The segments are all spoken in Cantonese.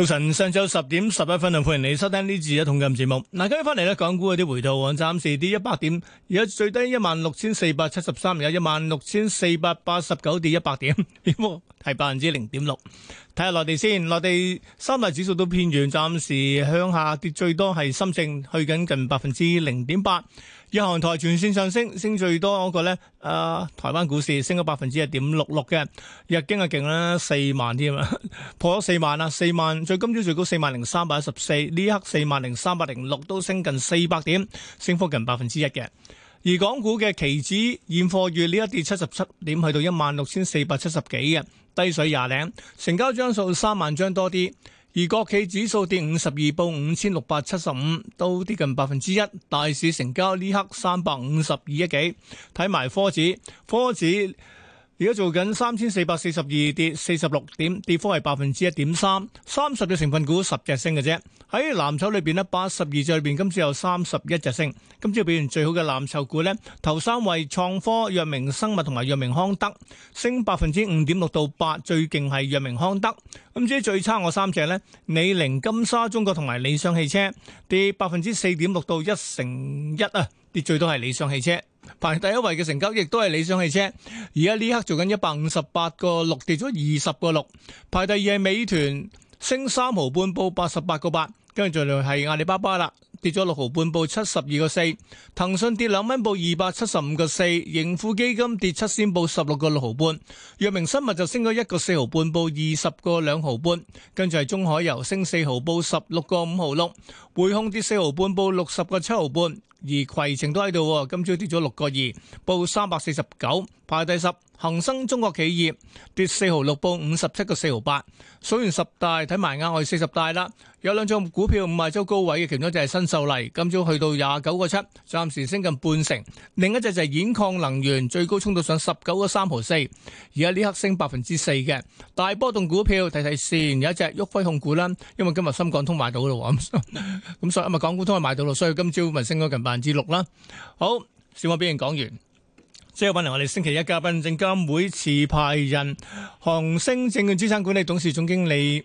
早晨，上晝十點十一分啊！歡迎你收聽呢次嘅《一桶金》節目。嗱，今日翻嚟咧，港股有啲回吐，暫時跌一百點，而家最低一萬六千四百七十三，有一萬六千四百八十九跌一百點，係百分之零點六。睇下內地先，內地三大指數都偏軟，暫時向下跌最多係深證，去緊近百分之零點八。日韓台全線上升，升最多嗰，那個咧，啊，呃，台灣股市升咗百分之一點六六嘅，日經係勁啦，四萬添啊，破咗四萬啦，四萬，最今朝最高四萬零三百一十四，呢刻四萬零三百零六都升近四百點，升幅近百分之一嘅。而港股嘅期指現貨月呢，一跌七十七點，去到一萬六千四百七十幾嘅，低水廿零，成交張數三萬張多啲。而國企指數跌五十二，報五千六百七十五，都跌近百分之一。大市成交呢刻三百五十二億幾。睇埋科指，科指。而家做緊三千四百四十二，跌四十六點，跌幅係百分之一點三，三十隻成分股十隻升嘅啫。喺藍籌裏邊呢，八十二隻裏邊今次有三十一隻升，今朝表現最好嘅藍籌股呢，頭三位創科、藥明生物同埋藥明康德升百分之五點六到八，最勁係藥明康德。咁至於最差嗰三隻呢，李寧、金沙中國同埋理想汽車跌百分之四點六到一成一啊。跌最多係理想汽車，排第一位嘅成交亦都係理想汽車。而家呢刻做緊一百五十八個六，跌咗二十個六。排第二係美團，升三毫半報八十八個八。跟住再嚟係阿里巴巴啦，跌咗六毫半報七十二個四。騰訊跌兩蚊報二百七十五個四。盈富基金跌七仙報十六個六毫半。藥明生物就升咗一個四毫半報二十個兩毫半。跟住係中海油升四毫報十六個五毫六，匯控跌四毫半報六十個七毫半。而攜程都喺度，今朝跌咗六個二，報三百四十九，排第十。恒生中國企業跌四毫六，報五十七個四毫八。數完十大，睇埋額外四十大啦。有兩張股票賣咗高位嘅，其中一隻係新秀麗，今朝去到廿九個七，暫時升近半成。另一隻就係遠控能源，最高衝到上十九個三毫四，而家呢刻升百分之四嘅大波動股票，睇睇先。有一隻旭輝控股啦，因為今日深港通買到咯，咁咁所以今日港股通係買到咯，所以今朝咪升咗近百百分之六啦，好，小馬表示講完，即係揾嚟我哋星期一嘉賓，證監會持牌人，恒星證券資產管理董事總經理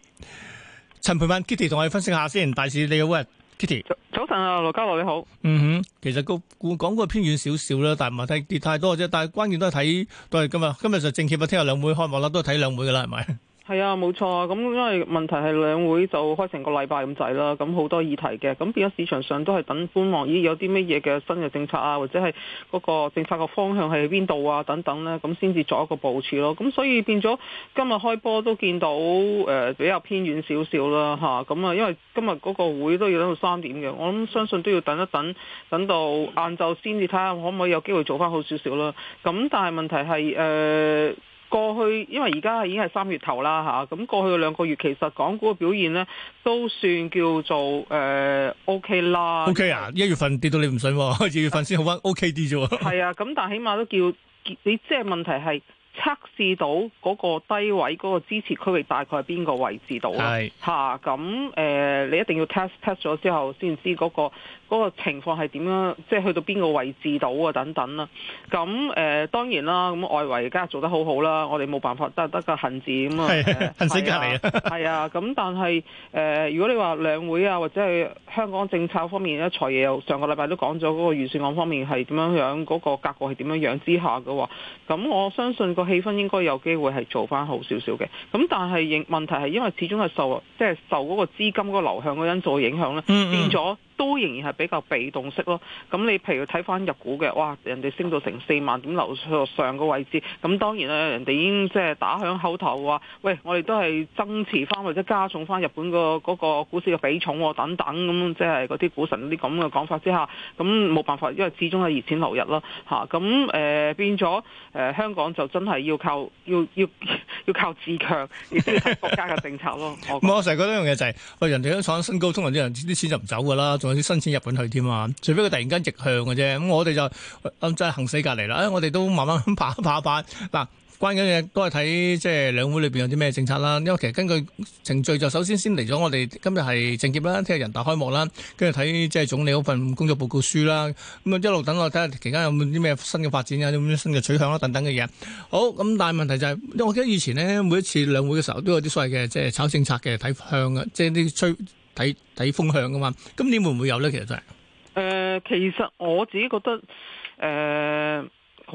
陳培曼 Kitty 同我哋分析下先，大市你好啊，Kitty，早早晨啊，羅嘉樂你好，嗯哼，其實股港股係偏軟少少啦，但係唔係睇跌太多啫，但係關鍵都係睇都係今日今日就政協部聽日兩會開幕啦，都係睇兩會噶啦，係咪？係啊，冇錯啊。咁因為問題係兩會就開成個禮拜咁滯啦，咁好多議題嘅。咁變咗市場上都係等觀望，咦，有啲乜嘢嘅新嘅政策啊，或者係嗰個政策嘅方向係邊度啊，等等呢？咁先至作一個部署咯。咁所以變咗今日開波都見到誒、呃、比較偏遠少少啦，吓，咁啊，因為今日嗰個會都要等到三點嘅，我諗相信都要等一等，等到晏晝先至睇下看看可唔可以有機會做返好少少啦。咁但係問題係誒。呃過去因為而家已經係三月頭啦嚇，咁過去兩個月其實港股嘅表現咧都算叫做誒、呃、OK 啦。OK 啊，一月份跌到你唔信，啊，二月份先好返 OK 啲啫喎。係啊，咁，OK 啊，但係起碼都叫你即係問題係。測試到嗰個低位嗰個支持區域大概係邊個位置度啊？係吓咁誒，你一定要 test test 咗之後先知嗰、嗰個嗰個情況係點樣，即係去到邊個位置度啊等等啦。咁誒、呃、當然啦，咁外圍而家做得好好啦，我哋冇辦法得得個恨字啊嘛，痕跡嚟嘅。係、呃、 是啊，咁 是、啊 啊、但係誒、呃，如果你話兩會啊，或者係香港政策方面咧，財爺又上個禮拜都講咗嗰個預算案方面係點樣樣，嗰、嗰個格局係點樣樣之下嘅喎。咁我相信個。氣氛應該有機會係做翻好少少嘅，咁但係係問題係因為始終係受即係受嗰個資金嗰個流向嗰個因素影響咧，變咗。都仍然係比較被動式咯。咁你譬如睇翻入股嘅，哇，人哋升到成四萬點，流上個位置。咁當然啦，人哋已經即係打響口頭話，喂，我哋都係增持翻或者加重翻日本個嗰個股市嘅比重等等咁，即係嗰啲股神啲咁嘅講法之下，咁冇辦法，因為始終係熱錢流入咯，吓，咁、呃、誒變咗、呃、香港就真係要靠要要要靠自強，而唔係國家嘅政策咯。 我成日覺得一樣嘢就係，喂，人哋都創新高，通常啲人啲錢就唔走㗎啦。啲申請入緊去添啊！除非佢突然間逆向嘅啫，咁我哋就咁、嗯、真係行死隔離啦、哎。我哋都慢慢爬一爬嗱，關緊嘢都係睇即係兩會裏面有啲咩政策啦。因為其實根據程序就是、首先先嚟咗我哋今日係政協啦，聽日人大開幕啦，跟住睇即係總理嗰份工作報告書啦。咁、嗯、啊一路等我睇下期間有冇啲咩新嘅發展，有啲咩新嘅取向啦，等等嘅嘢。好咁，但係問題就係、是，因為我記得以前呢，每一次兩會嘅時候都有啲所謂嘅即係炒政策嘅睇向啊。即係啲吹。睇睇風向噶嘛？今年會唔會有咧？其實都係誒，其實我自己覺得誒好、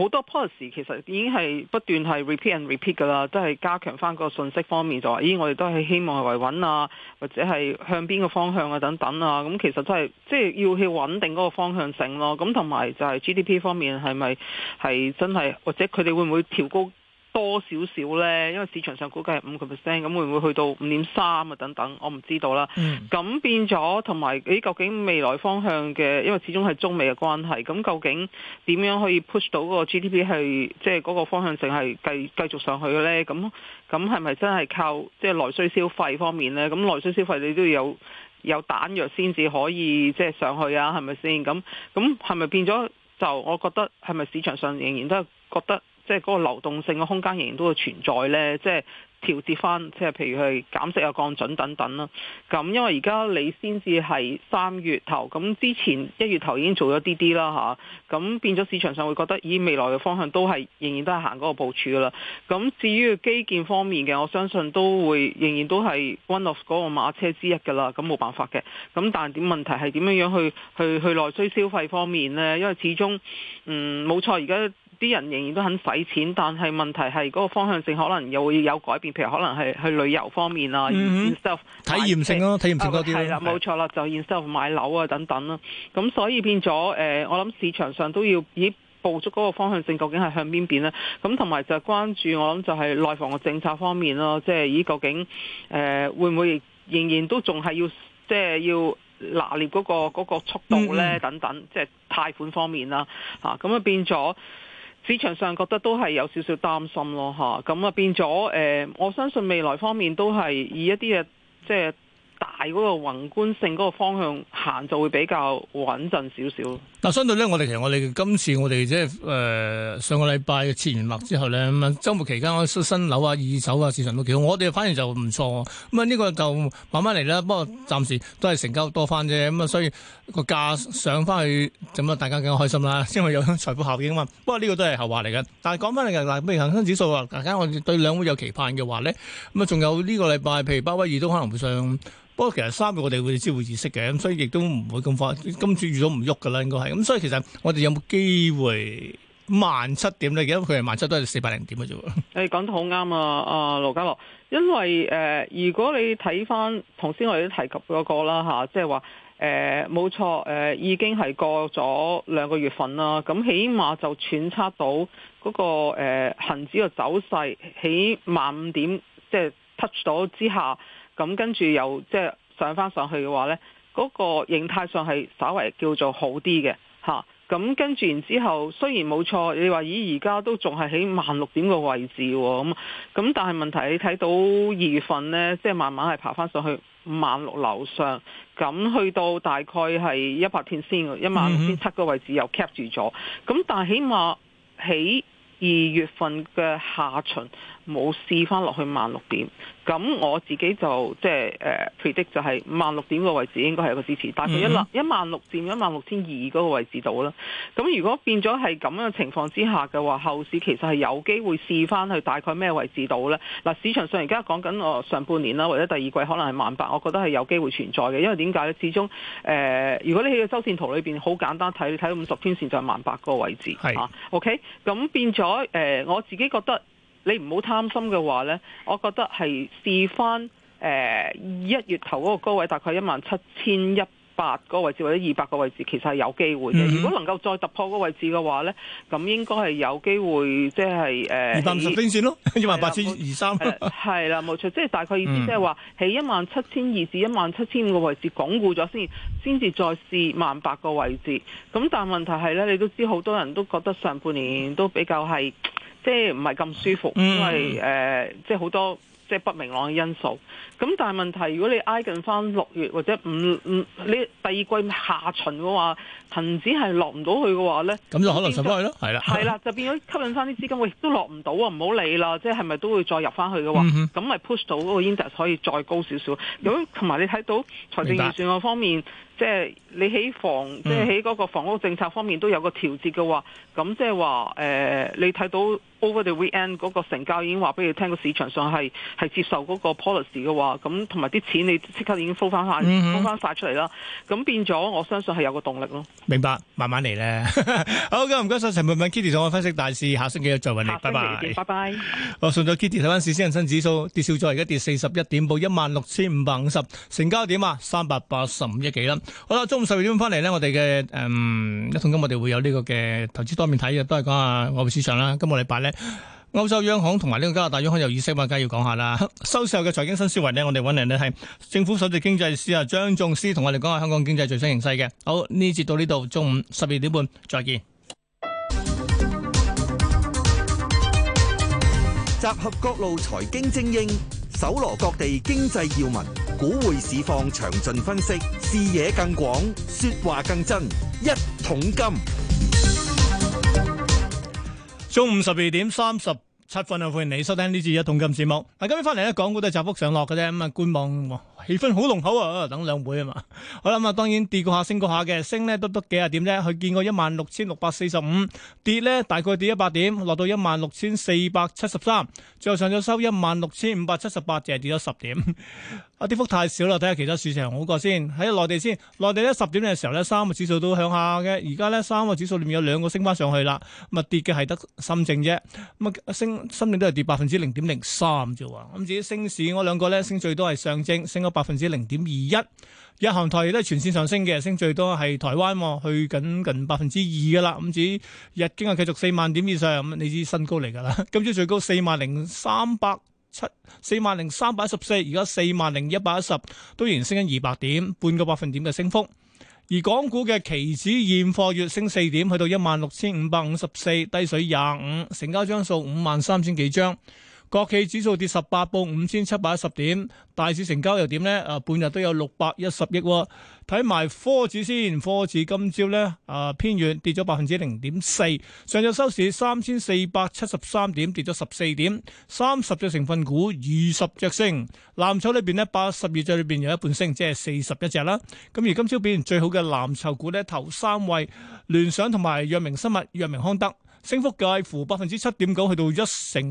呃、多 policy 其實已經係不斷係 repeat and repeat 噶啦，都係加強翻個信息方面，就話咦、哎，我哋都係希望係維穩啊，或者係向邊個方向啊等等啊。咁、嗯、其實都係即係要去穩定嗰個方向性咯。咁同埋就係 GDP 方面係咪係真係或者佢哋會唔會調高？多少少呢？因為市場上估計係五個 percent，咁會唔會去到五點三啊？等等，我唔知道啦。咁、嗯、變咗同埋誒，究竟未來方向嘅，因為始終係中美嘅關係，咁究竟點樣可以 push 到嗰個 GDP 係即係嗰個方向性係繼繼續上去嘅呢？咁咁係咪真係靠即係內需消費方面呢？咁內需消費你都要有有彈藥先至可以即係、就是、上去啊？係咪先？咁咁係咪變咗就我覺得係咪市場上仍然都係覺得？即係嗰個流動性嘅空間仍然都會存在呢，即係調節翻，即係譬如去減息啊、降準等等啦。咁因為而家你先至係三月頭，咁之前一月頭已經做咗啲啲啦吓，咁變咗市場上會覺得，咦？未來嘅方向都係仍然都係行嗰個部署噶啦。咁至於基建方面嘅，我相信都會仍然都係 one of 嗰個馬車之一噶啦。咁冇辦法嘅。咁但係點問題係點樣樣去去去內需消費方面呢？因為始終嗯冇錯，而家。啲人仍然都肯使錢，但係問題係嗰個方向性可能又會有改變，譬如可能係去旅遊方面啊，就體驗性咯，體驗性嗰啲咯。係啦，冇錯啦，就 instead of 買樓啊等等啦。咁所以變咗、呃、我諗市場上都要以捕捉嗰個方向性，究竟係向邊邊咧？咁同埋就關注我諗就係內房嘅政策方面咯，即、就、係、是、以究竟誒、呃、會唔會仍然都仲係要即係、就是、要拿捏嗰、那個嗰、那個、速度咧？等等，嗯嗯即係貸款方面啦，吓咁啊變咗。市場上覺得都係有少少擔心咯，吓咁啊變咗誒。我相信未來方面都係以一啲嘅，即係。大嗰個宏觀性嗰個方向行就會比較穩陣少少，但嗱，相對咧，我哋其實我哋今次我哋即係誒上個禮拜設完脈之後咧，咁啊週末期間我新樓啊、二手啊市場都幾好，我哋反而就唔錯。咁啊呢個就慢慢嚟啦，不過暫時都係成交多翻啫。咁啊，所以個價上翻去，咁啊大家更加開心啦，因為有財富效應啊嘛。不過呢個都係後話嚟嘅。但係講翻嚟嘅，譬如恒生指數啊，大家我哋對兩會有期盼嘅話咧，咁啊仲有呢個禮拜，譬如鮑威爾都可能會上。不過其實三月我哋會知會意識嘅，咁所以亦都唔會咁快。今次遇到唔喐噶啦，應該係咁。所以其實我哋有冇機會萬七點咧？因為佢係萬七都係四百零點嘅啫。你講得好啱啊，阿羅家樂，因為、呃、如果你睇翻頭先我哋都提及嗰、那個啦即係話冇錯、呃、已經係過咗兩個月份啦。咁起碼就揣測到嗰、那個行恆、呃、指嘅走勢起萬五點即係、就是、touch 咗之下。咁跟住又即係上返上去嘅話呢，嗰、那個形態上係稍微叫做好啲嘅嚇。咁、啊、跟住然之後，雖然冇錯，你話咦而家都仲係喺萬六點嘅位置喎。咁、啊、咁但係問題你睇到二月份呢，即係慢慢係爬返上去萬六樓上，咁、啊、去到大概係一百天線，嘅一萬六千七個位置又 cap 住咗。咁、啊、但係起碼喺二月份嘅下旬。冇試翻落去萬六點，咁我自己就即係誒推的就係萬六點個位置應該係一個支持，但係一萬一萬六至一萬六千二嗰個位置度啦。咁如果變咗係咁樣嘅情況之下嘅話，後市其實係有機會試翻去大概咩位置度呢？嗱，市場上而家講緊我上半年啦，或者第二季可能係萬八，我覺得係有機會存在嘅，因為點解呢？始終誒、呃，如果你喺個周線圖裏面好簡單睇，你睇到五十天線就係萬八個位置嚇、mm-hmm. 啊。OK，咁變咗誒、呃，我自己覺得。你唔好貪心嘅話呢，我覺得係試翻誒一月頭嗰個高位，大概一萬七千一百個位置或者二百個位置，其實係有機會嘅。Mm-hmm. 如果能夠再突破個個位置嘅話呢，咁應該係有機會，即係誒二百五十天線咯，一萬八千二三。係啦，冇 錯，即係大概意思，即係話喺一萬七千二至一萬七千五個位置鞏固咗先，先至再試萬八個位置。咁但問問題係呢，你都知好多人都覺得上半年都比較係。即係唔係咁舒服，因為誒、嗯呃，即係好多即係不明朗嘅因素。咁但係問題，如果你挨近翻六月或者五五，你第二季下旬嘅話，恒指係落唔到去嘅話咧，咁就可能拾返去咯，係啦，係啦， 就變咗吸引翻啲資金。亦都落唔到啊，唔好理啦。即係係咪都會再入翻去嘅話，咁、嗯、咪 push 到個 index 可以再高少少。如果同埋你睇到財政預算嗰方面，即係你喺房，嗯、即係喺嗰個房屋政策方面都有個調節嘅話，咁即係話誒，你睇到 Over the weekend 嗰個成交已經話俾你聽，個市場上係係接受嗰個 policy 嘅話，咁同埋啲錢你即刻已經鋪翻下，鋪翻曬出嚟啦。咁變咗，我相信係有個動力咯。明白，慢慢嚟咧。 好嘅，唔該晒陳妹妹、Kitty 同我分析大市，下星期日再揾你，拜拜。拜拜。我順咗 Kitty 睇翻市，先，恒生指數跌少咗，而家跌四十一點，報一萬六千五百五十，成交點啊，三百八十五億幾啦。好啦，中午十二點半翻嚟咧，我哋嘅誒，一、嗯、桶金我哋會有呢個嘅投資多面睇嘅，都係講下外匯市場啦。今個禮拜咧，歐洲央行同埋呢個加拿大央行有議息，我梗係要講下啦。收市嘅財經新思維呢，我哋揾嚟呢係政府首席經濟師啊張仲思同我哋講下香港經濟最新形勢嘅。好，呢節到呢度，中午十二點半再見。集合各路財經精英，搜羅各地經濟要聞。股匯市況詳盡分析，視野更廣，說話更真。一桶金，中午十二點三十七分啊，歡迎你收聽呢節一桶金節目。嗱，今日翻嚟咧，港股都係窄幅上落嘅啫，咁啊，觀望氣氛好濃厚啊！等兩會啊嘛，好啦嘛、嗯，當然跌過下，升過下嘅，升呢都得幾十點啫，佢見過一萬六千六百四十五，跌呢大概跌一百點，落到一萬六千四百七十三，最後上咗收一萬六千五百七十八，淨係跌咗十點，啊 跌幅太少啦，睇下其他市場好過先。喺內地先，內地呢十點嘅時候呢，三個指數都向下嘅，而家呢三個指數裏面有兩個升翻上去啦，咁啊跌嘅係得深證啫，咁啊升深證都係跌百分之零點零三啫喎，咁至於升市嗰兩個咧，升最多係上證，升百分之零點二一，日韓台都係全線上升嘅，升最多係台灣，去緊近百分之二噶啦。咁至於日經係，繼續四萬點以上，咁你知新高嚟噶啦。今朝最高四萬零三百七，四萬零三百一十四，而家四萬零一百一十，都延續升緊二百點，半個百分點嘅升幅。而港股嘅期指現貨月升四點，去到一萬六千五百五十四，低水廿五，成交張數五萬三千幾張。國企指數跌十八點，報五千七百一十點。大市成交又點呢？啊，半日都有六百一十億。睇埋科指先，科指今朝呢，啊偏軟，跌咗百分之零點四。上日收市三千四百七十三點，跌咗十四點。三十隻成分股，二十隻升。藍籌裏邊呢，八十二隻裏邊有一半升，即係四十一隻啦。咁而今朝表現最好嘅藍籌股呢，頭三位聯想同埋藥明生物、藥明康德。升幅介乎百分之七點九去到一成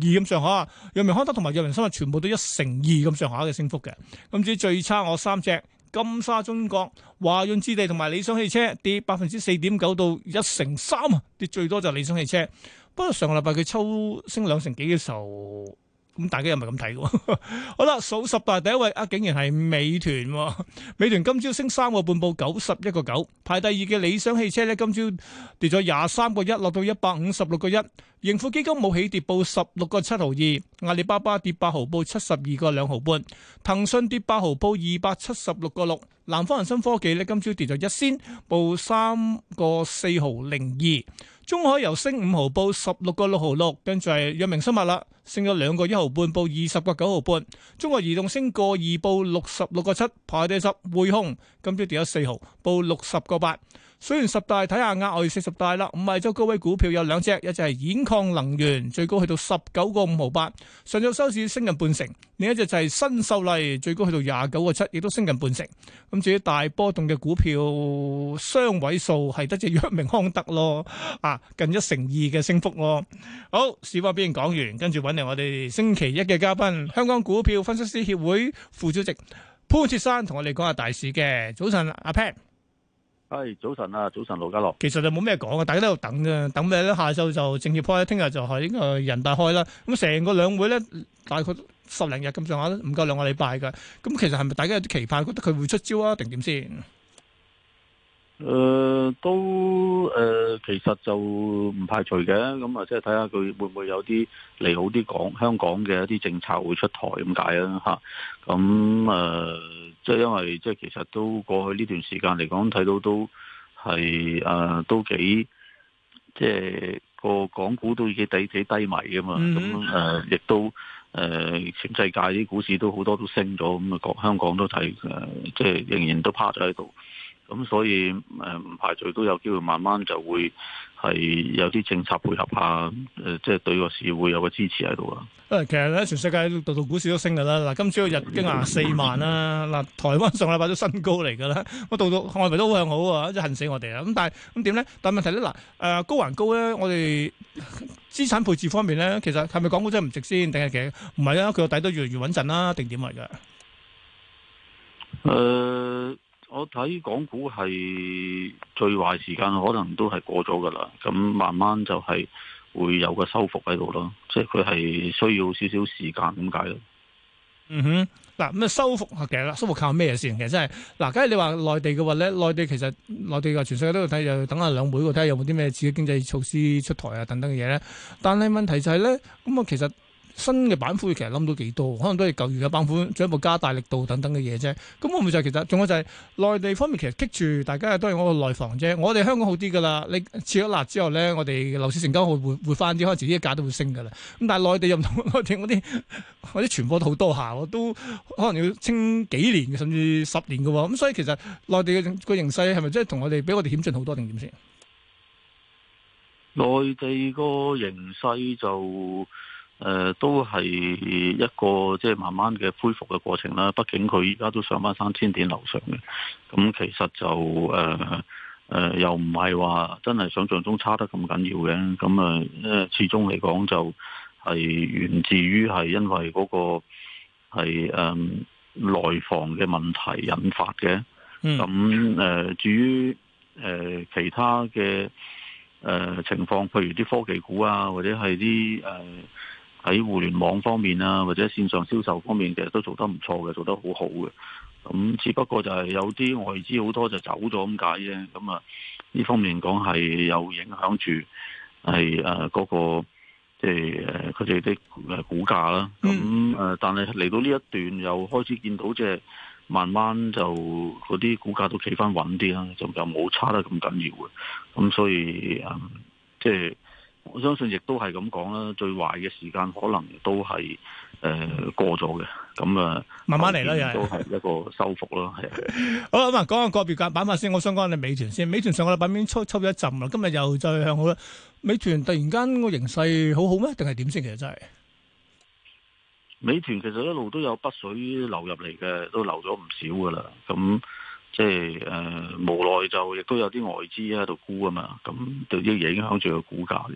二咁上下，藥明康德同埋藥明生物全部都一成二咁上下嘅升幅嘅。咁至於最差我三隻，金沙中國、華潤置地同埋理想汽車跌百分之四點九到一成三，跌最多就係理想汽車。不過上個禮拜佢抽升兩成幾嘅時候。咁大家又唔係咁睇喎，好啦，數十大第一位啊，竟然係美團，美團今朝升三個半報九十一個九，排第二嘅理想汽車呢，今朝跌咗廿三個一，落到一百五十六個一，盈富基金冇起跌，報十六個七毫二，阿里巴巴跌八毫，報七十二個兩毫半，騰訊跌八毫，報二百七十六個六，南方恒生科技呢，今朝跌咗一仙，報三個四毫零二。中海油升五毫，報十六個六毫六，跟住係藥明生物啦，升咗兩個一毫半，報二十個九毫半。中國移動升個二，報六十六個七，排第十，匯控今朝跌咗四毫，報六十個八。雖然十大睇下額外四十大啦，五係周高位股票有兩隻，一隻係兗礦能源，最高去到十九個五毫八，上晝收市升近半成；另一隻就係新秀麗，最高去到廿九個七，亦都升近半成。咁至於大波動嘅股票，雙位數係得隻藥明康德咯，啊，近一成二嘅升幅咯。好，市況先講完，跟住揾嚟我哋星期一嘅嘉賓，香港股票分析師協會副主席潘鐵山同我哋講下大市嘅。早晨，阿 Pan。係、哎、早晨啊，早晨盧家樂。其實就冇咩講啊，大家喺度等啊。等咩咧？下晝就政協開，聽日就係呢個人大開啦。咁成個兩會咧，大概十零日咁上下，唔夠兩個禮拜噶。咁其實係咪大家有啲期盼，覺得佢會出招啊？定點先？誒、呃，都誒、呃，其實就唔排除嘅，咁啊，即係睇下佢會唔會有啲利好啲港香港嘅一啲政策會出台咁解啦吓。咁誒，即係因為即係、就是、其實都過去呢段時間嚟講，睇到都係誒、啊，都幾即係、就是、個港股都已經底幾低迷㗎嘛。咁、mm-hmm. 誒、嗯，亦都誒、呃，全世界啲股市都好多都升咗，咁、那、啊、個，港香港都睇，誒、啊，即、就、係、是、仍然都趴咗喺度。咁、嗯、所以誒唔、嗯、排除都有機會慢慢就會係有啲政策配合下，誒即係對個市會有個支持喺度啊！誒，其實咧全世界度度股市都升噶啦，嗱，今朝日經啊四萬啦，嗱、 啊，台灣上個禮拜都新高嚟噶啦，我度度外圍都好向好啊，即係恨死我哋啊。咁但係咁點咧？但係問題咧，嗱誒、呃、高還高咧，我哋資產配置方面咧，其實係咪港股真係唔值先定係其實唔係啊，佢個底都越嚟越穩陣啦、啊，定點嚟嘅？誒、呃。我睇港股係最壞時間，可能都係過咗噶啦。咁慢慢就係會有個修復喺度咯，即係佢係需要少少時間咁解咯。嗯哼，嗱咁啊，修復啊，其實啦，修復靠咩先？其實真係嗱，假如你話內地嘅話咧，內地其實內地嘅全世界都睇就等下兩會個睇下有冇啲咩刺激經濟措施出台啊等等嘅嘢咧。但係問題就係咧，咁啊，其實。新嘅板塊其實諗到幾多，可能都係舊月嘅板塊進一步加大力度等等嘅嘢啫。咁會唔會就係其實仲有就係內地方面，其實棘住大家都係我個內房啫。我哋香港好啲㗎喇，你撤咗辣之後咧，我哋樓市成交會會翻啲，開始啲價都會升㗎喇。咁但係內地又唔同，地我哋嗰啲我啲傳播得好多下，都可能要清幾年甚至十年㗎喎。咁所以其實內地嘅個形勢係咪即係同我哋俾我哋險峻好多定點先？內地個形勢就。誒、呃，都係一個即係慢慢嘅恢復嘅過程啦。畢竟佢而家都上翻三千點樓上嘅，咁其實就誒誒、呃呃，又唔係話真係想象中差得咁緊要嘅。咁啊、呃，始終嚟講就係源自於係因為嗰個係誒內房嘅問題引發嘅。咁誒、呃，至於誒、呃、其他嘅誒、呃、情況，譬如啲科技股啊，或者係啲誒。呃喺互聯網方面啊，或者線上銷售方面，其實都做得唔錯嘅，做得好好嘅。咁只不過就係有啲外資好多就走咗咁解啫。咁啊，呢方面講係有影響住，係誒嗰個即係佢哋啲誒股價啦、啊。咁誒、呃，但係嚟到呢一段又開始見到即係慢慢就嗰啲股價都企翻穩啲啦、啊，就又冇差得咁緊要嘅。咁所以誒、嗯，即係。我相信亦都係咁講啦，最壞嘅時間可能都係誒、呃、過咗嘅。咁啊慢慢嚟啦，又都係一個修復啦。 好啦，咁啊講下個別間板塊先。我想講下美團先，美團上個禮拜邊抽抽咗一陣啦，今日又再向好啦。美團突然間個形勢好好咩？定係點先？其實真係美團其實一路都有北水流入嚟嘅，都流咗唔少噶啦。咁即係誒，無奈就亦都有啲外資喺度沽啊嘛，咁對啲嘢影響住個股價嘅。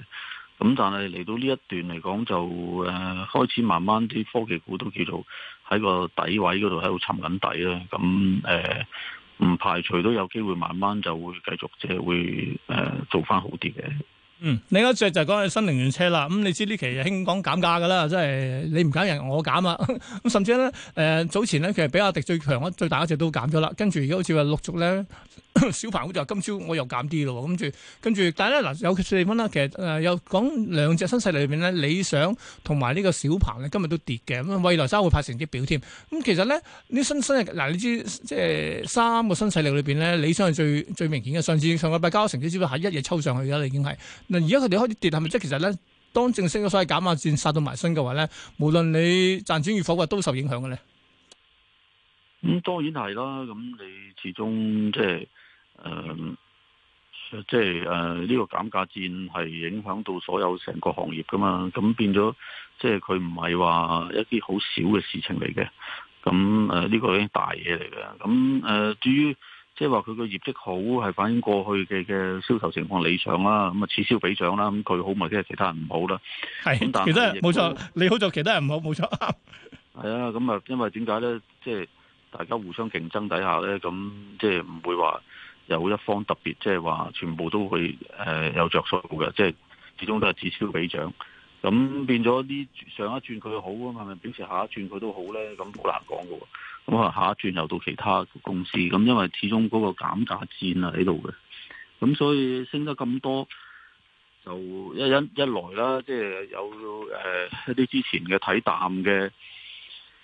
咁但係嚟到呢一段嚟講，就、呃、誒開始慢慢啲科技股都叫做喺個底位嗰度喺度沉緊底啦。咁誒，唔、呃、排除都有機會慢慢就會繼續即係會誒、呃、做返好啲嘅。嗯，另一隻就係講係新能源車啦。咁、嗯、你知呢期興講減價㗎啦，即係你唔減人，我減啦。咁甚至呢，誒、呃、早前呢，其實比亞迪最強、最大一隻都減咗啦。跟住而家好似話陸續呢，小鵬好似話，今朝我又減啲咯。跟住，跟住，但係有嗱，有四方啦。其實誒、呃、有講兩隻新勢力裏邊呢，理想同埋呢個小鵬呢，今日都跌嘅。咁未來三會派成績表添。咁其實呢，呢新新嗱、啊，你知即係三個新勢力裏邊呢，理想係最最明顯嘅。上次上個禮拜交咗成績資料，係一日抽上去噶你已經係。嗱，而家佢哋開始跌係咪？即係其實咧，當正升咗所謂減價戰殺到埋身嘅話咧，無論你賺錢與否，嘅都受影響嘅咧。咁、嗯、當然係啦，咁你始終即係誒，即係誒呢個減價戰係影響到所有成個行業噶嘛。咁變咗即係佢唔係話一啲好少嘅事情嚟嘅。咁誒呢個已經大嘢嚟嘅。咁誒、呃、至於。即係話佢個業績好係反映過去嘅嘅銷售情況理想啦，咁啊此消彼長啦，咁佢好咪即係其他人唔好啦。係，其實冇錯，你好做，其他人唔好，冇錯。係啊，咁啊，因為點解咧？即係大家互相競爭底下咧，咁即係唔會話有一方特別，即係話全部都會誒有着數嘅。即係始終都係此消彼長。咁變咗啲上一轉佢好啊嘛，咪表示下一轉佢都好咧？咁好難講嘅喎。我話下一轉又到其他公司，咁因為始終嗰個減價戰啊喺度嘅，咁所以升得咁多，就一一一來啦，即、就、係、是、有誒、呃、一啲之前嘅睇淡嘅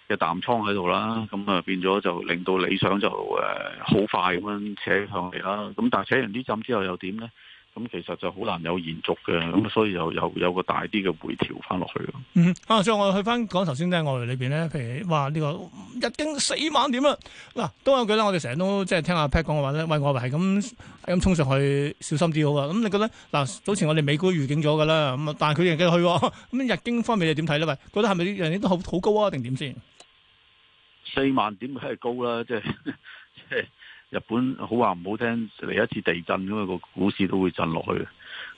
嘅淡倉喺度啦，咁啊變咗就令到理想就誒好、呃、快咁樣扯上嚟啦，咁但係扯完啲浸之後又點呢？咁其實就好難有延續嘅，咁所以又又有,有一個大啲嘅回調翻落去咯。嗯，啊，所以我去翻講頭先咧，外圍裏邊咧，譬如話呢、這個日經四萬點啊，嗱、啊，都有句啦，我哋成日都即係聽阿 Pat 講嘅話咧，喂，外圍係咁咁衝上去，小心啲好啊。咁你覺得嗱、啊，早前我哋美股預警咗噶啦，咁啊，但係佢仍然繼續去，咁日經方面你點睇咧？喂、啊，覺得係咪人都好好高啊，定點先？四萬點梗係高啦，即係即係。日本好話唔好聽，嚟一次地震，咁個股市都會震落去，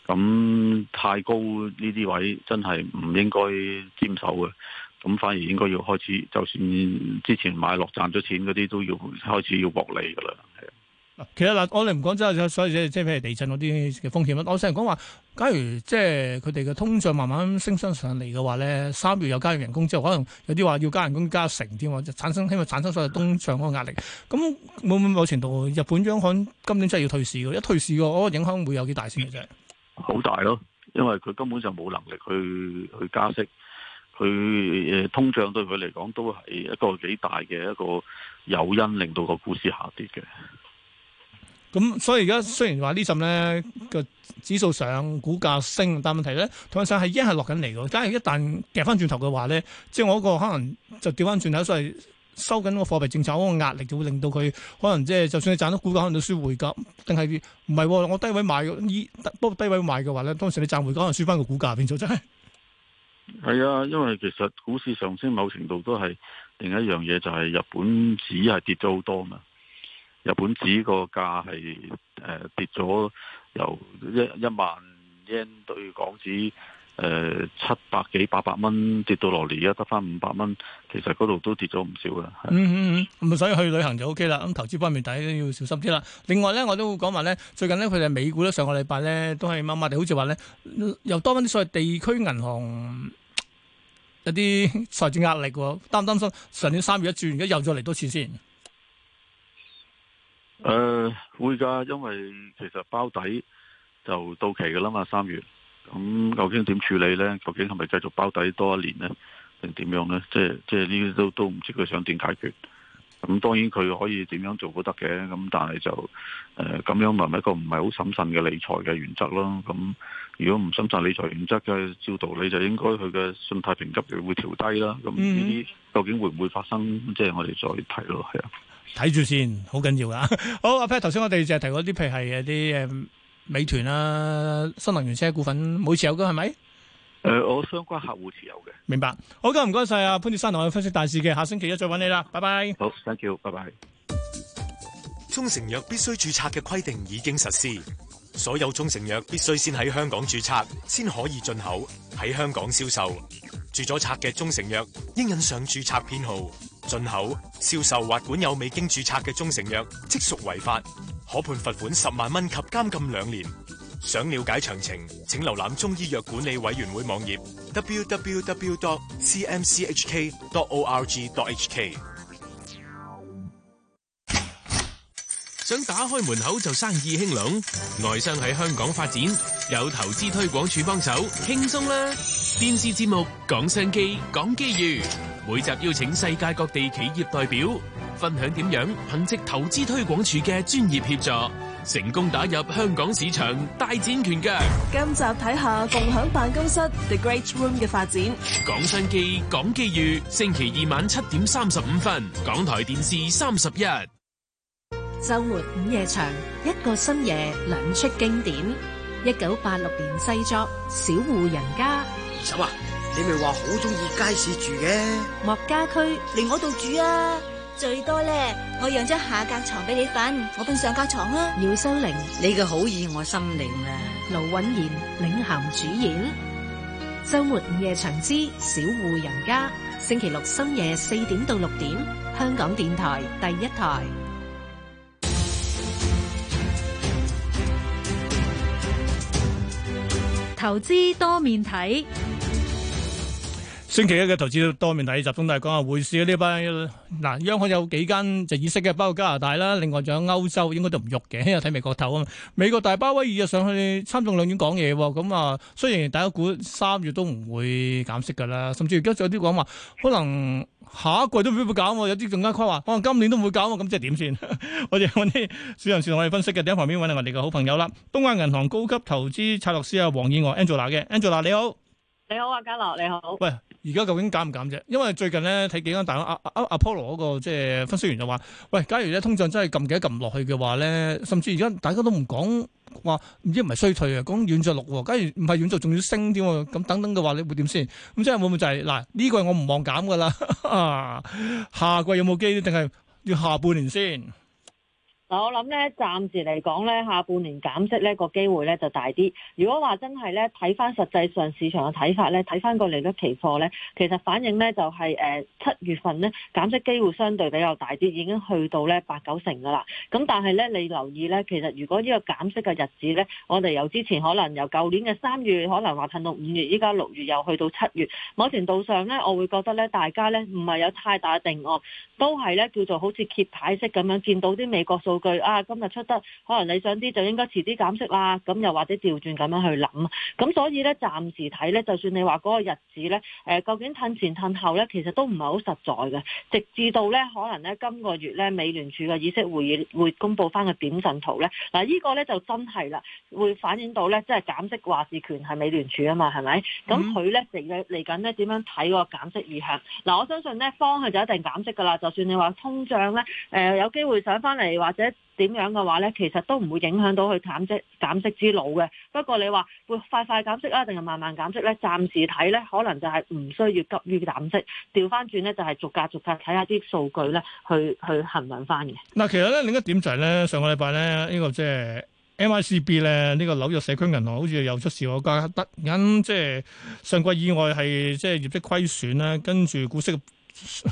咁太高呢啲位真係唔應該沾手嘅，咁反而應該要開始，就算之前買落賺咗錢嗰啲，都要開始要獲利噶啦。其實嗱，我哋唔講真，所以即係譬如地震嗰啲嘅風險啦。我成日講話，假如即係佢哋嘅通脹慢慢升升上嚟嘅話咧，三月有加緊人工之後，可能有啲話要加人工加成添喎，產生希望產生所謂通脹嗰個壓力。咁會唔會某程度，日本央行今年真係要退市嘅，一退市個嗰個影響會有幾大先嘅啫？好大咯，因為佢根本就冇能力去去加息，佢通脹對佢嚟講都係一個幾大嘅一個誘因，令到個股市下跌嘅。咁、嗯、所以而家雖然話呢陣咧個指數上，股價升，但問題咧，同樣上係已經係落緊嚟嘅。但係一旦掉翻轉頭嘅話咧，即係我個可能就掉翻轉頭，所以收緊個貨幣政策嗰個壓力就會令到佢可能即係就算你賺到股價，可能都輸回㗎。定係唔係？我低位買依不過低位買嘅話咧，當時你賺回可能輸翻個股價變咗真係。係啊，因為其實股市上升某程度都係另一樣嘢，就係日本指係跌咗好多嘛。日本紙個價係誒跌咗，由一一萬 yen 對港紙誒、呃、七百幾八百蚊跌到落嚟，而家得翻五百蚊，其實嗰度都跌咗唔少噶。嗯嗯嗯，咁所以去旅行就 O K 啦。咁投資方面，大家要小心啲啦。另外咧，我都會講話咧，最近咧佢哋美股咧上個禮拜咧都係麻麻地好，好似話咧又多翻啲所謂地區銀行有啲財政壓力，擔唔擔心上年三月一轉而家又再嚟多次先？誒、呃，會噶，因為其實包底就到期噶啦嘛，三月。咁究竟點處理咧？究竟係咪繼續包底多一年咧，定點樣咧？即係即係呢啲都都唔知佢想點解決。咁當然佢可以點樣做都得嘅。咁但係就誒咁、呃、樣咪咪一個唔係好審慎嘅理財嘅原則咯。咁如果唔審慎理財原則嘅，照道理就應該佢嘅信貸評級會調低啦。咁呢啲究竟會唔會發生？即係我哋再睇咯，係啊。睇住先看，好緊要啊 好，阿 Pat，頭先我哋就提過啲，譬如係啲誒，美團啦，新能源車股份，冇持有㗎係咪？誒、呃，我相關客戶持有嘅。明白。好，咁唔該晒，阿潘哲山同我分析大事嘅，下星期一再揾你啦，拜拜。好，thank you，拜拜。中成藥必須注冊嘅規定已經實施，所有中成藥必須先喺香港注冊，先可以進口喺香港銷售。注咗冊嘅中成藥應印上注冊編號。、進口、銷售或管有未經註冊嘅中成藥，即屬違法，可判罰款十萬蚊及監禁兩年。想了解詳情，請瀏覽中醫藥管理委員會網頁 www.cmchk.org.hk。想打開門口就生意興隆，外商喺香港發展，有投資推廣處幫手，輕鬆啦！電視節目講商機，講機遇。每集邀請世界各地企業代表分享點樣憑借投資推廣處嘅專業協助，成功打入香港市場大展拳腳。今集睇下共享辦公室 The Great Room 你咪話好中意街市住嘅，莫家區，嚟我度住啊！最多咧，我讓張下格床俾你瞓，我瞓上格床啊！姚秀玲，你嘅好意我心領啊。盧允賢領銜主演《周末午夜場》之《小戶人家》，星期六深夜四點到六點，香港電台第一台。 投資多面睇。星期一嘅投資多面睇，集中大講啊，匯市啊，呢班嗱，央行有幾間就議息嘅，包括加拿大啦，另外仲有歐洲，應該都唔喐嘅。因為睇美國頭啊，嘛，美國大鮑威爾又上去參眾兩院講嘢喎。咁、哦、啊，雖然大家估三月都唔會減息㗎啦，甚至而家有啲講話可能下一季都未必會減，有啲更加誇話可能今年都唔會減。咁即係點算？ 我哋揾啲小人士同我哋分析嘅，喺旁邊揾嚟我哋嘅好朋友啦，東亞銀行高級投資策略師啊，黃燕娥 Angela 嘅，Angela 你好，你好啊，嘉樂你好，喂。而家究竟減唔減啫？因為最近咧睇幾間大亨阿阿阿 Apollo 嗰、嗰個即、即係、分析員就話，喂，假如咧通脹真係撳幾撳落去嘅話咧，甚至而家大家都唔講話，唔知唔係衰退啊，講軟着陸喎。假如唔係軟着仲要升啲、啊、喎，咁等等嘅話，你會點先？咁即係冇冇就係嗱，呢個我唔望減㗎啦，季 下季有冇機定係要下半年先？嗱，我諗咧，暫時嚟講咧，下半年減息咧個機會咧就大啲。如果話真係咧，睇翻實際上市場嘅睇法咧，睇翻個利率期貨咧，其實反映咧就係誒七月份咧減息機會相對比較大啲，已經去到咧八九成㗎啦。咁但係咧，你留意咧，其實如果呢個減息嘅日子咧，我哋由之前可能由舊年嘅三月可能話趁到五月，依家六月又去到七月，某程度上咧，我會覺得咧，大家咧唔係有太大定案，都係咧叫做好似揭牌式咁樣見到啲美國數。句啊，今日出得可能理想啲，就應該遲啲減息啦。咁又或者調轉咁樣去諗，咁所以咧暫時睇咧，就算你話嗰個日子咧，誒、呃、究竟褪前褪後咧，其實都唔係好實在嘅。直至到咧，可能咧今個月咧，美聯儲嘅議息會議會公布翻個點陣圖咧，嗱、啊這個、呢個咧就真係啦，會反映到咧即係減息話事權係美聯儲啊嘛，係咪？咁佢咧嚟嚟緊咧點樣睇嗰個減息意向？嗱、啊，我相信咧方向就一定減息㗎啦。就算你話通脹咧，誒、呃、有機會上翻嚟或者。點樣嘅話咧，其實都唔會影響到佢減息，減息之路嘅。不過你話會快快減息啊，定係慢慢減息咧？暫時睇咧，可能就係唔需要急於減息。調翻轉咧，就係逐格逐格睇下啲數據咧，去去衡量翻嘅。嗱，其實咧另一點就係咧，上個禮拜咧，這個、就是 MICB 呢、這個即係 M I C B 咧，呢個紐約社區銀行好似又出事有關，我加突然即係上季意外係即係業績虧損啦，跟住股息，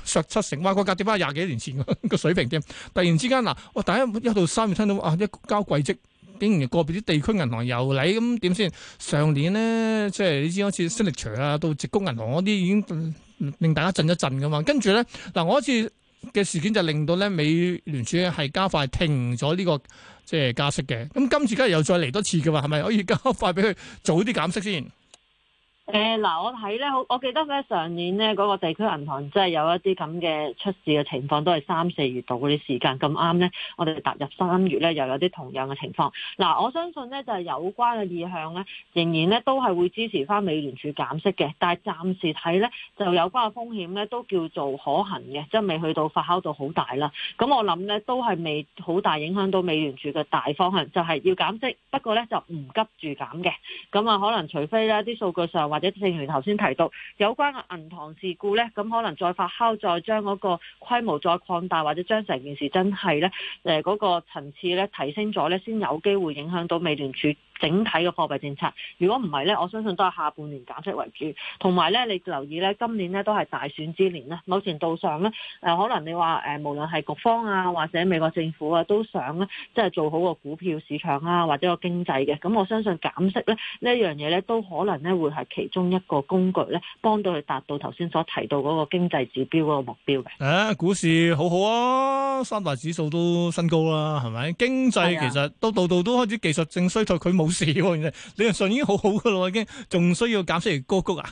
削七成，哇！佢跌翻廿幾年前個水平添。突然之間嗱，大家一到三月聽到啊，一交季績，竟然個別啲地區銀行又嚟咁點先？上年呢，即係你知好似 Signature 啊，到直沽銀行嗰啲已經令大家震一震噶嘛。跟住咧嗱，嗰次嘅事件就令到咧美聯儲係加快停咗呢個即係加息嘅。咁今次今又再嚟多次嘅話，係咪可以加快俾佢早啲減息先？誒、呃、嗱，我睇咧，好，我記得咧上年咧嗰、那個地區銀行真係有一啲咁嘅出事嘅情況，都係三四月度嗰啲時間。咁啱咧，我哋踏入三月咧又有啲同樣嘅情況。嗱、呃，我相信咧、就是、就有關嘅意向咧，仍然咧都係會支持翻美聯儲減息嘅，但係暫時睇咧就有關嘅風險咧都叫做可行嘅，即係未去到發酵到好大啦。咁我諗咧都係未好大影響到美聯儲嘅大方向，就係、是、要減息，不過咧就唔急住減嘅。咁啊，可能除非咧啲數據上或者正如頭先提到有關嘅銀行事故咧，咁可能再發酵，再將嗰個規模再擴大，或者將成件事真係咧，誒嗰個層次咧提升咗咧，先有機會影響到美聯儲。整體嘅貨幣政策，如果唔係咧，我相信都係下半年減息為主。同埋咧，你留意咧，今年咧都係大選之年，某程度上咧、呃，可能你話誒、呃，無論係局方啊，或者美國政府啊，都想咧，即係做好個股票市場啊，或者個經濟嘅。咁我相信減息咧呢一樣嘢咧，都可能咧會係其中一個工具咧，幫到佢達到頭先所提到嗰個經濟指標嗰個目標嘅、哎。股市好好啊，三大指數都新高啦，係咪？經濟其實都度度都，都，都開始技術性衰退，佢冇。事喎、啊，你嘅上已經好好噶啦，已經仲需要減息嚟高谷啊？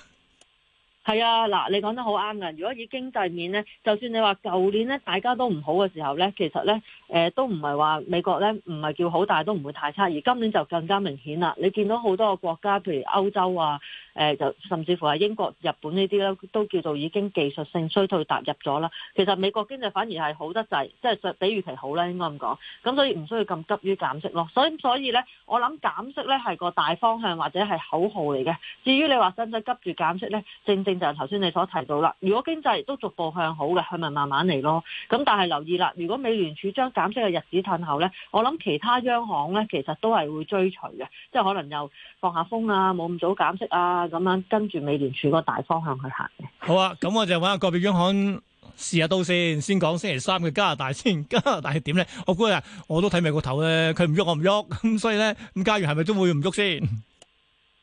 係啊，嗱，你講得好啱嘅。如果以經濟面咧，就算你話舊年咧大家都唔好嘅時候咧，其實咧誒、呃、都唔係話美國咧唔係叫好，但係都唔會太差。而今年就更加明顯啦。你見到好多個國家，譬如歐洲啊。誒，就甚至乎係英國、日本呢啲咧，都叫做已經技術性衰退踏入咗啦。其實美國經濟反而係好得滯，即係比預期好啦，應該咁講。咁所以唔需要咁急於減息咯。所以所以咧，我諗減息咧係個大方向或者係口號嚟嘅。至於你話使唔使急住減息咧，正正就係頭先你所提到啦。如果經濟都逐步向好嘅，佢咪慢慢嚟咯。咁但係留意啦，如果美聯儲將減息嘅日子褪後咧，我諗其他央行咧其實都係會追隨嘅，即係可能又放下風啊，冇咁早減息啊。咁樣跟住美聯儲個大方向去行嘅。好啊，咁我就搵下個別央行試下刀先，先講星期三嘅加拿大先。加拿大係點咧？我估啊，我都睇美國頭咧，佢唔喐，我唔喐，咁所以咧，咁加元係咪都會唔喐先？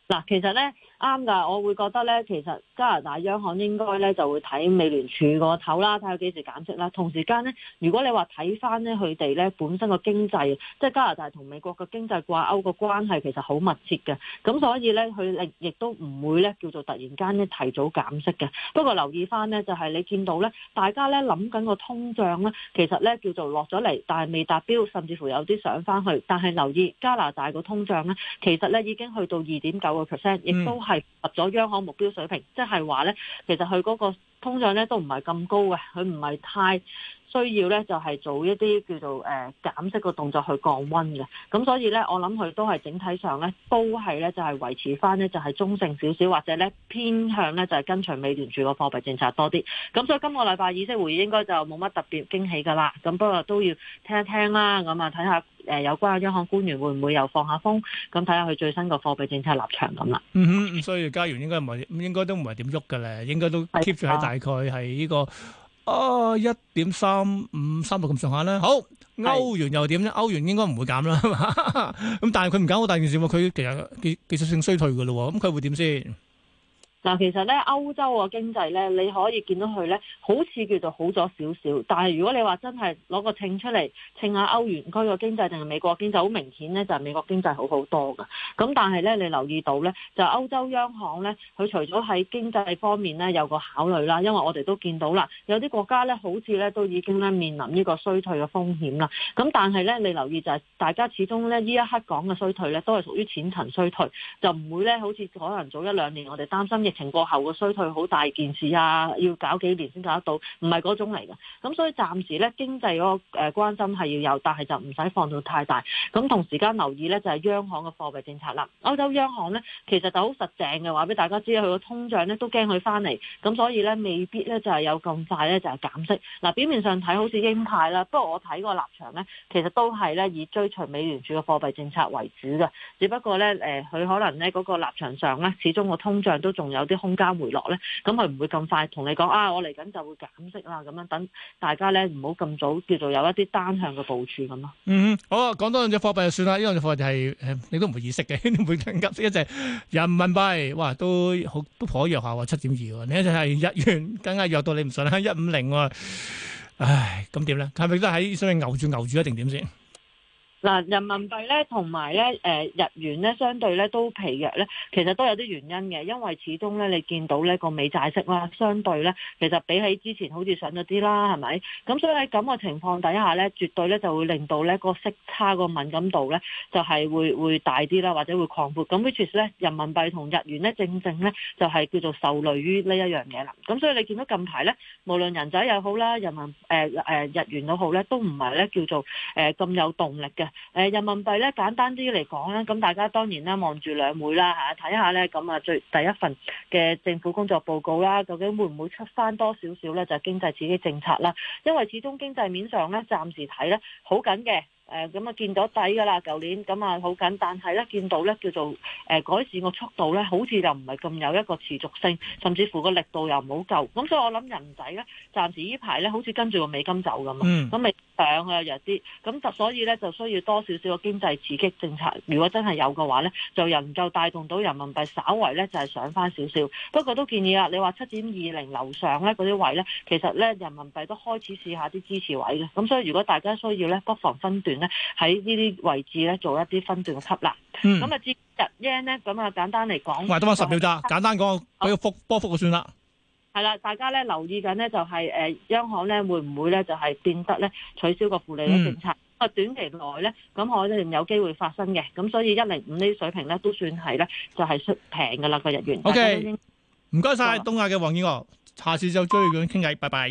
嗱，其實咧。啱噶，我會覺得咧，其實加拿大央行應該咧就會睇美聯儲個頭啦，睇佢幾時減息啦。同時間咧，如果你話睇翻咧佢哋咧本身個經濟，即係加拿大同美國個經濟掛鈎個關係其實好密切嘅，咁所以咧佢亦都唔會咧叫做突然間咧提早減息嘅。不過留意翻咧，就係你見到咧，大家咧諗緊個通脹咧，其實咧叫做落咗嚟，但係未達標，甚至乎有啲上翻去。但係留意加拿大個通脹咧，其實咧已經去到二點九個 percent，亦都係。係達咗央行目標水平，即係話咧，其實佢嗰個通脹咧都唔係咁高嘅，佢唔係太。需要咧就係做一啲叫做減息個動作去降溫嘅，咁所以咧我諗佢都係整體上咧都係咧就係維持翻咧就係中性少少，或者咧偏向咧就係跟隨美聯儲個貨幣政策多啲。咁所以今個禮拜議息會議應該就冇乜特別驚喜噶啦。咁不過都要聽一聽啦，咁啊睇下誒有關的央行官員會唔會又放下風，咁睇下佢最新個貨幣政策立場咁啦。嗯哼，所以加元應該唔係，應該都唔係點喐㗎咧，應該都 keep 住喺大概係呢個。哦，一點三五三六咁上下咧，好，歐元又點咧？歐元應該唔會減啦，係嘛？咁 但係佢唔減好大件事喎，佢其實技技術性衰退噶咯，咁佢會點先？嗱，其實咧歐洲個經濟咧，你可以見到佢咧，好似叫做好咗少少。但係如果你話真係攞個秤出嚟秤下歐元區個經濟定係美國經濟，好明顯咧就係美國經濟好好多㗎。咁但係咧你留意到咧，就歐洲央行咧，佢除咗喺經濟方面咧有個考慮啦，因為我哋都見到啦，有啲國家咧好似咧都已經咧面臨呢個衰退嘅風險啦。咁但係咧你留意就係，大家始終咧呢一刻講嘅衰退咧都係屬於淺層衰退，就唔會咧好似可能早一兩年我哋擔心疫情過後嘅衰退好大件事啊，要搞幾年先搞得到，唔係嗰種嚟嘅。咁所以暫時咧經濟嗰個誒關心係要有，但係就唔使放到太大。咁同時間留意咧就係、是、央行嘅貨幣政策啦。歐洲央行咧其實就好實淨嘅話俾大家知，佢個通脹咧都驚佢翻嚟，咁所以咧未必咧就係、是、有咁快咧就係、是、減息。嗱、啊、表面上睇好似鷹派啦，不過我睇個立場咧，其實都係咧以追隨美聯儲嘅貨幣政策為主嘅，只不過咧誒佢可能咧嗰、那個立場上咧始終個通脹都仲有。有啲空間回落咧，咁佢唔會咁快同你講啊，我嚟緊就會減息啦，咁樣等大家咧唔好咁早叫做有一啲單向嘅部署咁咯。嗯，好，講多兩隻貨幣就算啦，呢兩隻貨幣係誒，你都唔會意識嘅，你唔會急升一隻人民幣，哇，都好都頗弱下喎，七點二喎，你是一隻係日元，更加弱到你唔信啦，一五零喎，唉，咁點咧？係咪都喺想住牛住牛住一定點先？嗱，人民幣咧同埋咧，誒日元咧相對咧都疲弱咧，其實都有啲原因嘅，因為始終咧你見到呢個美債息啦，相對咧其實比起之前好似上咗啲啦，係咪？咁所以喺咁嘅情況底下咧，絕對咧就會令到咧個息差、個敏感度咧就係會會大啲啦，或者會擴闊。咁於是咧，人民幣同、呃、日元咧正正咧就係叫做受累於呢一樣嘢啦。咁所以你見到近排咧，無論人仔又好啦，人民誒誒日元都好咧，都唔係咧叫做誒咁有動力嘅。誒人民幣咧簡單啲嚟講咧，咁大家當然啦望住兩會啦嚇睇下咧，咁啊最第一份嘅政府工作報告啦，究竟會唔會出翻多少少咧？就經濟刺激政策啦，因為始終經濟面上咧暫時睇咧好緊嘅。誒、呃，咁啊見到底噶啦，舊年咁啊好緊，但係咧見到咧叫做誒、呃、改善個速度咧，好似又唔係咁有一個持續性，甚至乎個力度又唔好夠。咁所以我諗人仔咧，暫時，時呢排咧好似跟住個美金走咁啊，咁咪上啊弱啲，咁就，就所以咧就需要多少少個經濟刺激政策，如果真係有嘅話咧，就能夠帶動到人民幣稍為咧就係、是、上翻少少。不過都建議啊，你話七點二零樓上咧嗰啲位咧，其實咧人民幣都開始試下啲支持位嘅。咁所以如果大家需要咧，不妨分段。咧喺呢啲位置咧做一啲分段嘅吸納，咁啊，今日 yen 咧咁啊，簡單嚟講，埋多翻十秒咋，簡單講，佢嘅幅波幅就算啦。係啦，大家咧留意緊咧，就係誒央行咧會唔會咧就係變得咧取消個負利率政策？啊，短期內咧咁可能有機會發生嘅，咁所以一零五呢啲水平咧都算係咧就係平嘅啦個日元。O K，唔該晒，東亞嘅黃英娥，下次再追緊傾偈，拜拜。